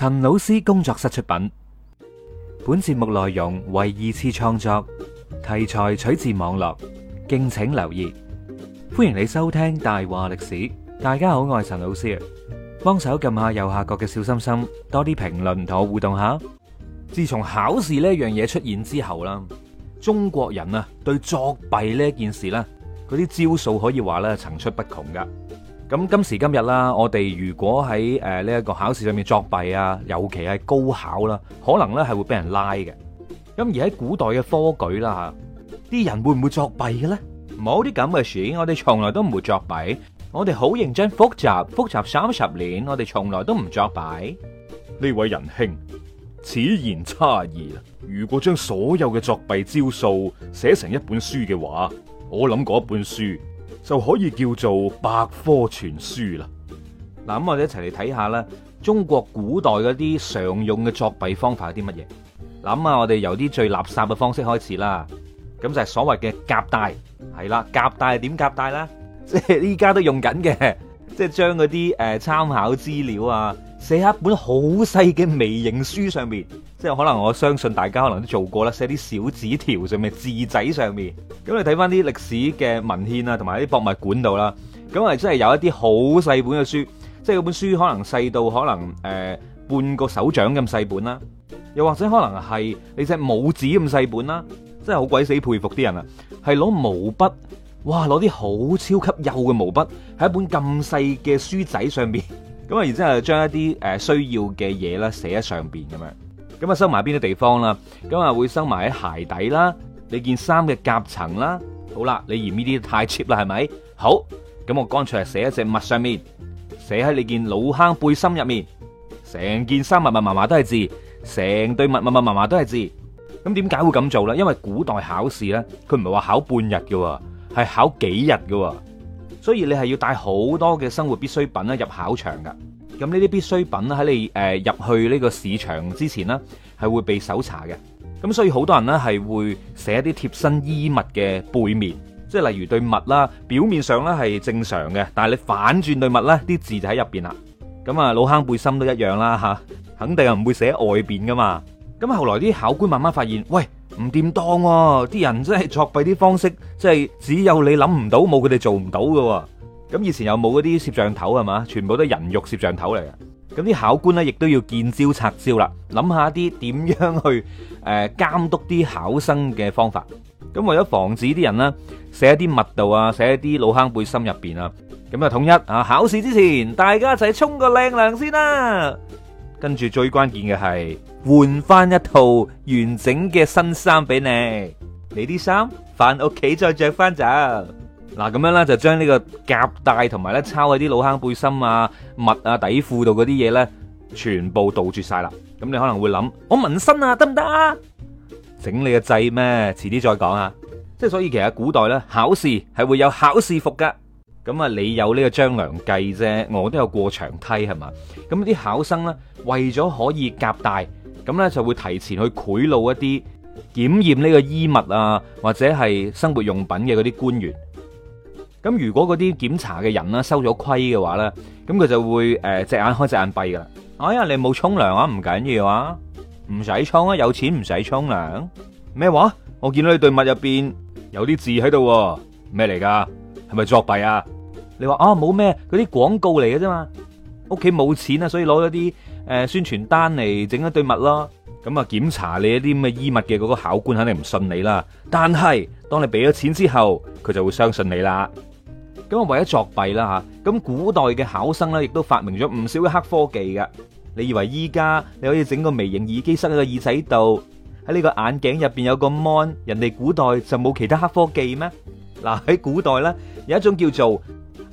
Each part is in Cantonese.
陳老師工作室出品，本節目內容為二次創作，題材取自網絡，敬請留意。歡迎你收聽《大話歷史》，大家好，我係陳老師，幫手撳下右下角嘅小心心，多啲評論同我互動下。自從考試呢樣嘢出現之後啦，中國人啊對作弊呢件事呢，嗰啲招數可以話咧層出不窮噶。咁今時今日啦，我哋如果喺誒呢一個考試上面作弊啊，尤其係高考啦，可能咧係會俾人拉嘅。咁而喺古代嘅科舉啦，吓啲人會唔會作弊嘅咧？冇啲咁嘅事，我哋從來都唔會作弊。我哋好認真複習，複習三十年，我哋從來都唔作弊。呢位仁兄，此言差矣。如果將所有嘅作弊招數寫成一本書嘅話，我諗嗰本書就可以叫做百科全書啦。嗱，咁我哋一齊嚟睇下咧，中國古代嗰啲常用嘅作弊方法係啲乜嘢？嗱，咁啊，我哋由啲最垃圾嘅方式開始啦。咁就係所謂嘅夾帶，係啦，夾帶係點夾帶呢？即係依家都在用緊嘅，即係將嗰啲誒參考資料啊，寫喺一本好細嘅微型書上面。即係可能我相信大家可能都做過啦，寫啲小紙條上面字仔上面。咁你睇翻啲歷史嘅文獻啦、啊，同埋啲博物館度啦，咁啊真係有一啲好細本嘅書，即係嗰本書可能細到可能誒、呃、半個手掌咁細本啦、啊，又或者可能係你隻拇指咁細本啦、啊，真係好鬼死佩服啲人啊！係攞毛筆，哇，攞啲好超級幼嘅毛筆，喺一本咁細嘅書仔上面，咁啊然之後將一啲、呃、需要嘅嘢啦寫喺上面咁樣。咁啊，收埋邊啲地方啦？咁啊，會收埋喺鞋底啦，你件衫嘅夾層啦，好啦，你嫌呢啲太 cheap 啦，係咪？好，咁我乾脆係寫喺隻襪上面，寫喺你件老坑背心入面，成件衫密密麻麻都係字，成對襪密密麻麻都係字。咁點解會咁做咧？因為古代考試咧，佢唔係話考半日嘅，係考幾日嘅，所以你係要帶好多嘅生活必需品咧入考場噶。咁呢啲必需品咧喺你誒入去呢個市場之前咧，係會被搜查嘅。咁所以好多人咧係會寫啲貼身衣物嘅背面，即係例如對襪啦，表面上咧係正常嘅，但係你反轉對襪咧，啲字就喺入邊啦。咁啊，老坑背心都一樣啦嚇，肯定係唔會寫外邊噶嘛。咁後來啲考官慢慢發現，喂唔掂當喎，啲人真係作弊啲方式，即係只有你諗唔到，冇佢哋做唔到嘅。咁以前又冇嗰啲攝像頭係嘛？全部都係人肉攝像頭嚟嘅。咁啲考官呢，亦都要見招拆招啦。諗下啲點樣去誒監督啲考生嘅方法。咁為咗防止啲人呢寫一啲密度啊，寫一啲老坑背心入邊啊，咁啊統一啊考試之前大家一齊沖個靚涼先啦。跟住最關鍵嘅係換翻一套完整嘅新衫俾你。你啲衫翻屋企再著翻就。嗱，咁樣咧就將呢個夾帶同埋咧抄佢啲老坑背心啊、襪啊、底褲度嗰啲嘢咧，全部杜絕晒啦。咁你可能會諗，我紋身啊，得唔得啊？整你個掣咩？遲啲再講啊。即係所以其實古代咧考試係會有考試服噶。咁啊，你有呢個張良計啫，我都有過牆梯係嘛。咁啲考生咧為咗可以夾帶，咁咧就會提前去賄賂一啲檢驗呢個衣物啊，或者係生活用品嘅嗰啲官員。咁如果嗰啲檢查嘅人啦收咗規嘅話咧，咁佢就會、呃、隻眼開隻眼閉噶啦。哎呀，你冇沖涼啊，唔緊要啊，唔使沖啊，有錢唔使沖涼。咩話？我見到你對襪入面有啲字喺度，啊，咩嚟㗎？係咪作弊啊？你話啊冇咩嗰啲廣告嚟嘅啫嘛？屋企冇錢啊，所以攞咗啲宣傳單嚟整一對襪咯。咁啊檢查你一啲咁嘅衣物嘅嗰個考官肯定唔信你啦。但係當你俾咗錢之後，佢就會相信你啦。咁啊，為咗作弊啦吓，咁古代嘅考生咧，亦都發明咗唔少嘅黑科技㗎。你以為依家你可以整個微型耳機塞喺個耳仔度，喺呢個眼鏡入邊有個 mon，人哋古代就冇其他黑科技咩？嗱，喺古代咧，有一種叫做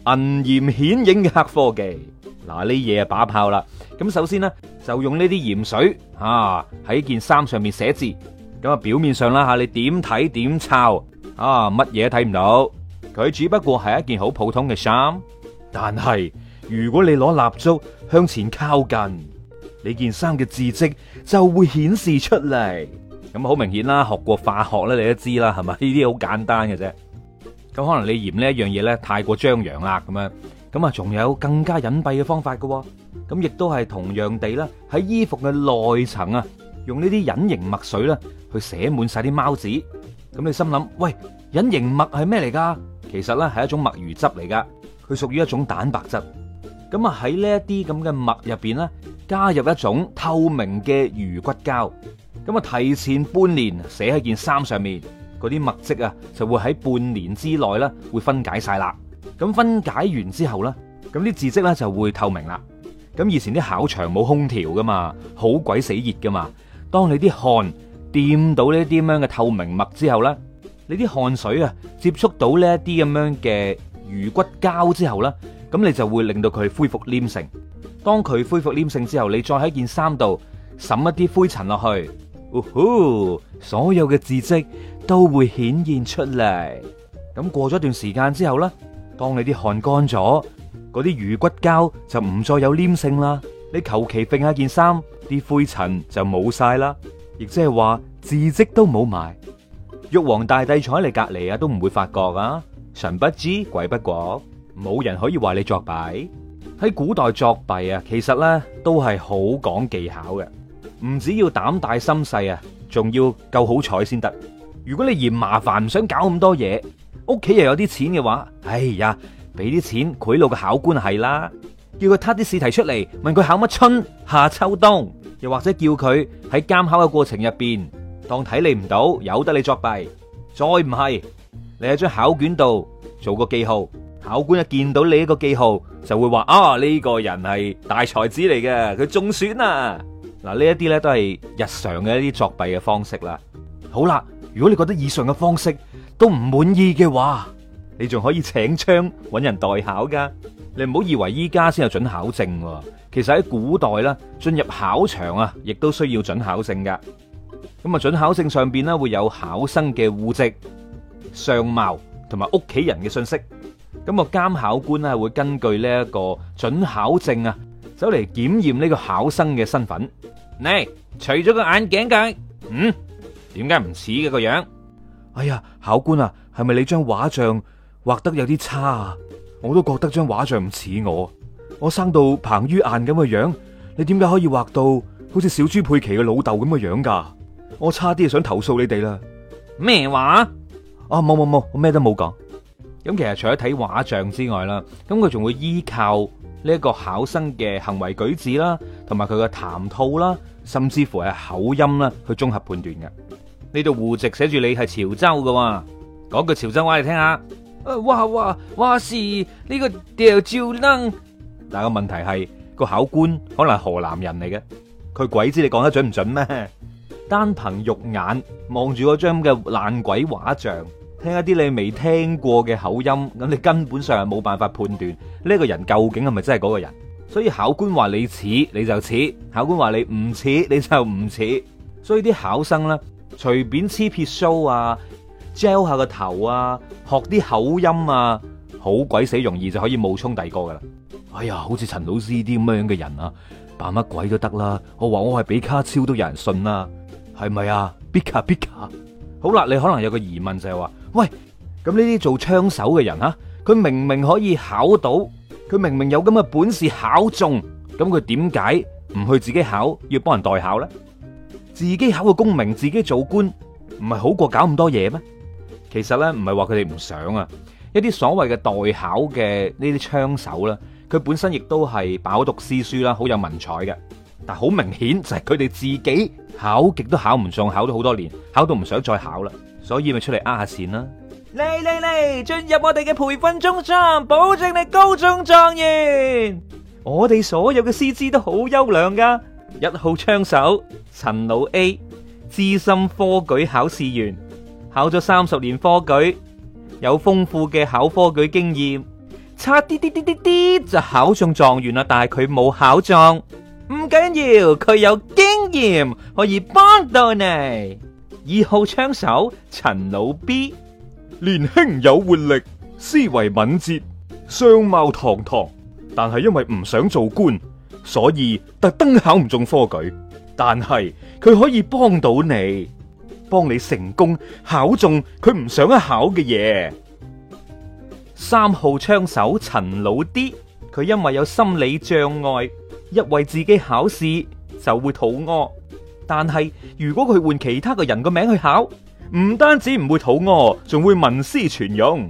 銀鹽顯影嘅黑科技，嗱，呢嘢啊把炮啦。咁首先咧，就用呢啲鹽水啊喺件衫上面寫字，咁啊表面上啦吓，你點睇點抄啊，乜嘢都睇唔到。佢只不過係一件好普通嘅衫，但係如果你攞蠟燭向前靠近，你件衫嘅字跡就會顯示出嚟。咁好明顯啦，學過化學咧，你都知啦，係咪？呢啲好簡單嘅啫。咁可能你嫌呢一樣嘢咧太過張揚啦，咁樣。咁啊，仲有更加隱蔽嘅方法噶。咁亦都係同樣地啦，喺衣服嘅內層啊，用呢啲隱形墨水啦，去寫滿晒啲貓紙。咁你心諗，喂，隱形墨係咩嚟噶？其實咧係一種墨魚汁嚟噶，佢屬於一種蛋白質。咁啊喺呢一啲咁嘅墨入邊咧，加入一種透明嘅魚骨膠。咁啊提前半年寫喺件衫上面，嗰啲墨跡啊就會喺半年之內咧會分解晒啦。咁分解完之後咧，咁啲字跡咧就會透明啦。咁以前啲考場冇空調噶嘛，好鬼死熱噶嘛。當你啲汗掂到呢啲咁樣嘅透明墨之後咧。你啲汗水啊，接觸到呢一啲咁樣嘅魚骨膠之後咧，咁你就會令到佢恢復黏性。當佢恢復黏性之後，你再喺件衫度滲一啲灰塵落去，哦呼，所有嘅字跡都會顯現出嚟。咁過咗段時間之後咧，當你啲汗乾咗，嗰啲魚骨膠就唔再有黏性啦。你求其揈下件衫，啲灰塵就冇晒啦，亦即係話字跡都冇埋。玉皇大帝坐喺你隔離啊，都唔會發覺啊，神不知鬼不覺，冇人可以話你作弊。喺古代作弊啊，其實呢都係好講技巧嘅，唔只要膽大心細啊，仲要夠好彩先得。如果你嫌麻煩唔想搞咁多嘢，屋企又有啲錢嘅話，哎呀，俾啲錢賄賂個考官係啦，叫佢撻啲試題出嚟，問佢考乜春夏秋冬，又或者叫佢喺監考嘅過程入邊，當睇你唔到，由得你作弊。再唔係，你喺張考卷度做個記號，考官一見到你一個記號，就會話：啊，呢個人係大才子嚟嘅，佢中選啊！嗱，呢一啲呢都係日常嘅一啲作弊嘅方式啦。好啦，如果你覺得以上嘅方式都唔滿意嘅話，你仲可以請槍搵人代考噶。你唔好以為依家先有準考證，其實喺古代啦，進入考場啊，亦都需要準考證噶。咁啊，准考證上邊咧會有考生嘅戶籍、相貌同埋屋企人嘅信息。咁個監考官咧會根據呢一個准考證啊，走嚟檢驗呢個考生嘅身份。你除咗個眼鏡架，嗯，點解唔似嘅個樣？哎呀，考官啊，係咪你張畫像畫得有啲差啊？我都覺得張畫像唔似我，我生到彭于晏咁嘅樣，你點解可以畫到好似小豬佩奇嘅老豆咁嘅樣噶？我差啲想投訴你哋啦！咩話？啊冇冇冇，我咩都冇講。咁其實除咗睇畫像之外啦，咁佢仲會依靠呢一個考生嘅行為舉止啦，同埋佢嘅談吐啦，甚至乎係口音啦，去綜合判斷嘅。呢度戶籍寫住你係潮州噶，講句潮州話嚟聽下。誒、啊，話話話是呢、呢個吊照燈。但係個問題係，個考官可能係河南人嚟嘅，佢鬼知你講得準唔準咩？單憑肉眼望住嗰張嘅爛鬼畫像，聽一啲你未聽過嘅口音，咁你根本上係冇辦法判斷呢個人究竟係咪真係嗰個人。所以考官話你似你就似，考官話你唔似你就唔似。所以啲考生咧，隨便黐撇鬚啊，gel 下個頭啊，學啲口音啊，好鬼死容易就可以冒充第個噶啦。哎呀，好似陳老師啲咁樣嘅人啊，扮乜鬼都得啦。我話我係比卡超都有人信啦。係咪啊？必考必考。好啦，你可能有個疑問就係話，喂，咁呢啲做槍手嘅人吓，佢明明可以考到，佢明明有咁嘅本事考中，咁佢點解唔去自己考，要幫人代考呢？自己考個功名，自己做官，唔係好過搞咁多嘢咩？其實咧，唔係話佢哋唔想啊，一啲所謂嘅代考嘅呢啲槍手啦，佢本身亦都係飽讀詩書啦，好有文采嘅。但好明顯就係佢哋自己考極都考唔上，考咗好多年，考到唔想再考啦，所以咪出嚟呃下線啦。嚟嚟嚟，進入我哋嘅培訓中心，保證你高中狀元。我哋所有嘅師資都好優良噶。一號槍手陳老 A，資深科舉考試員，考咗三十年科舉，有豐富嘅考科舉經驗，差啲啲啲啲啲就考中狀元啦，但係佢冇考狀。緊要，佢有經驗，可以幫到你。二號槍手陳老 B，年輕有活力，思維敏捷，相貌堂堂，但係因為唔想做官，所以特登考唔中科舉。但係佢可以幫到你，幫你成功考中佢唔想考嘅嘢。三號槍手陳老 D，佢因為有心理障礙。一為自己考試就會肚餓，但係如果佢換其他嘅人嘅名去考，唔單止唔會肚餓，仲會文思泉湧，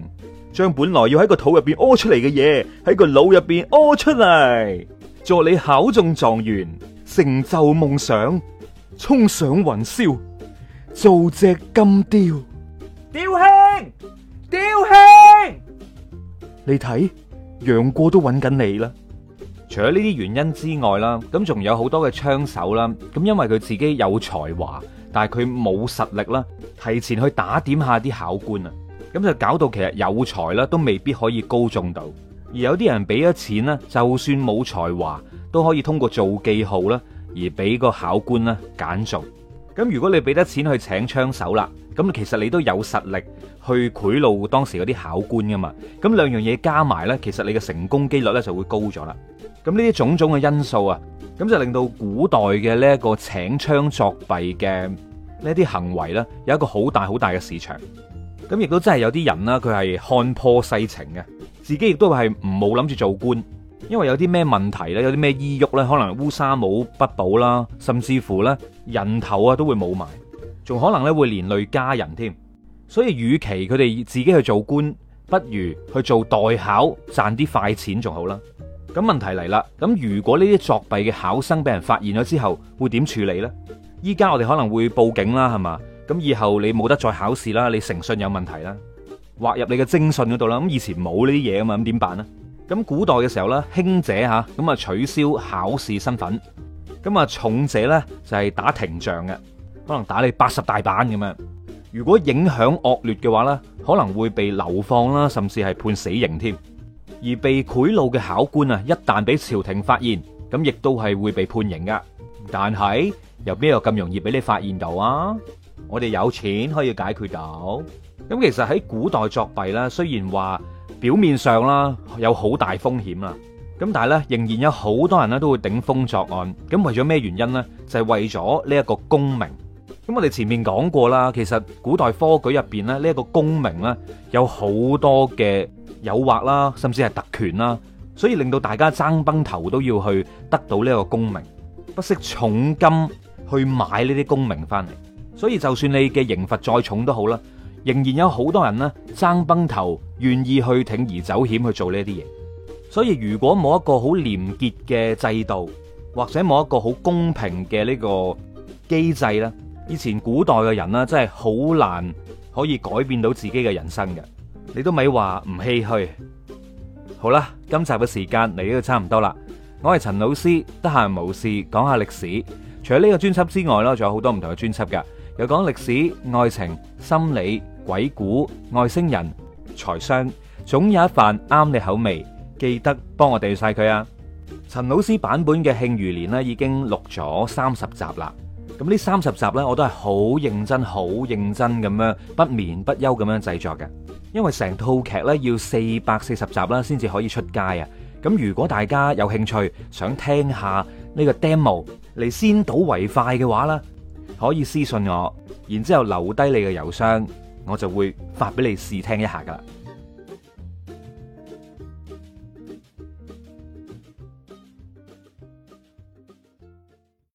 將本來要喺個肚入邊屙出嚟嘅嘢喺個腦入邊屙出嚟，助你考中狀元，成就夢想，衝上雲霄，做隻金雕，雕兄，雕兄，你睇楊過都揾緊你啦。除咗呢啲原因之外啦，咁仲有好多嘅槍手啦，咁因為佢自己有才華，但係佢冇實力啦，提前去打點下啲考官啊，咁就搞到其實有才啦都未必可以高中到，而有啲人俾咗錢啦，就算冇才華都可以通過做記號啦，而俾個考官啦，揀中。咁如果你俾得錢去請槍手啦，咁其實你都有實力去賄賂當時嗰啲考官噶嘛，咁兩樣嘢加埋呢，其實你嘅成功機率呢就會高咗啦。咁呢啲種種嘅因素啊，咁就令到古代嘅呢一個請槍作弊嘅呢啲行為呢，有一個好大好大嘅市場。咁亦都真係有啲人啦、啊，佢係看破世情嘅，自己亦都係唔冇諗住做官，因為有啲咩問題呢，有啲咩衣鬱呢，可能烏紗帽不保啦，甚至乎呢，人頭啊都會冇埋，仲可能呢會連累家人添。所以，與其佢哋自己去做官，不如去做代考賺啲快錢仲好啦。咁問題嚟啦，咁如果呢啲作弊嘅考生俾人發現咗之後，會點處理呢？依家我哋可能會報警啦，係嘛？咁以後你冇得再考試啦，你誠信有問題啦，劃入你嘅徵信嗰度啦。咁以前冇呢啲嘢啊嘛，咁點辦呢？咁古代嘅時候啦，輕者吓咁啊取消考試身份，咁啊重者呢，就係、是、打廷杖嘅，可能打你八十大板咁樣。如果影響惡劣嘅話呢，可能會被流放啦，甚至係判死刑添。而被賄賂嘅考官啊，一旦俾朝廷發現，咁亦都係會被判刑噶。但係又邊有咁容易俾你發現到啊？我哋有錢可以解決到。咁其實喺古代作弊啦，雖然話表面上啦有好大風險啦，咁但係咧仍然有好多人咧都會頂風作案。咁為咗咩原因呢？就係為咗呢一個功名。咁我哋前面講過啦，其實古代科舉入邊咧呢一個功名咧有好多嘅。誘惑啦，甚至係特權啦，所以令到大家爭崩頭都要去得到呢個功名，不惜重金去買呢啲功名翻嚟。所以就算你嘅刑罰再重都好啦，仍然有好多人呢爭崩頭願意去鋌而走險去做呢啲嘢。所以如果冇一個好廉潔嘅制度，或者冇一個好公平嘅呢個機制啦，以前古代嘅人呢，真係好難可以改變到自己嘅人生嘅。你都咪話唔唏噓，好啦，今集嘅時間嚟到差唔多啦。我係陳老師，得閒無事講下歷史。除咗呢個專輯之外呢，仲有好多唔同嘅專輯嘅，有講歷史、愛情、心理、鬼故、外星人、財商，總有一瓣啱你口味。記得幫我訂閱晒佢啊！陳老師版本嘅《慶餘年》已經錄咗三十集啦。咁呢三十集呢，我都係好認真、好認真咁樣不眠不休咁樣製作嘅。因為成套劇呢，要四百四十集啦，先至可以出街啊。咁如果大家有興趣想聽下呢個 demo 嚟，先睹為快嘅話啦，可以私信我，然之後留低你嘅郵箱，我就會發俾你試聽一下噶。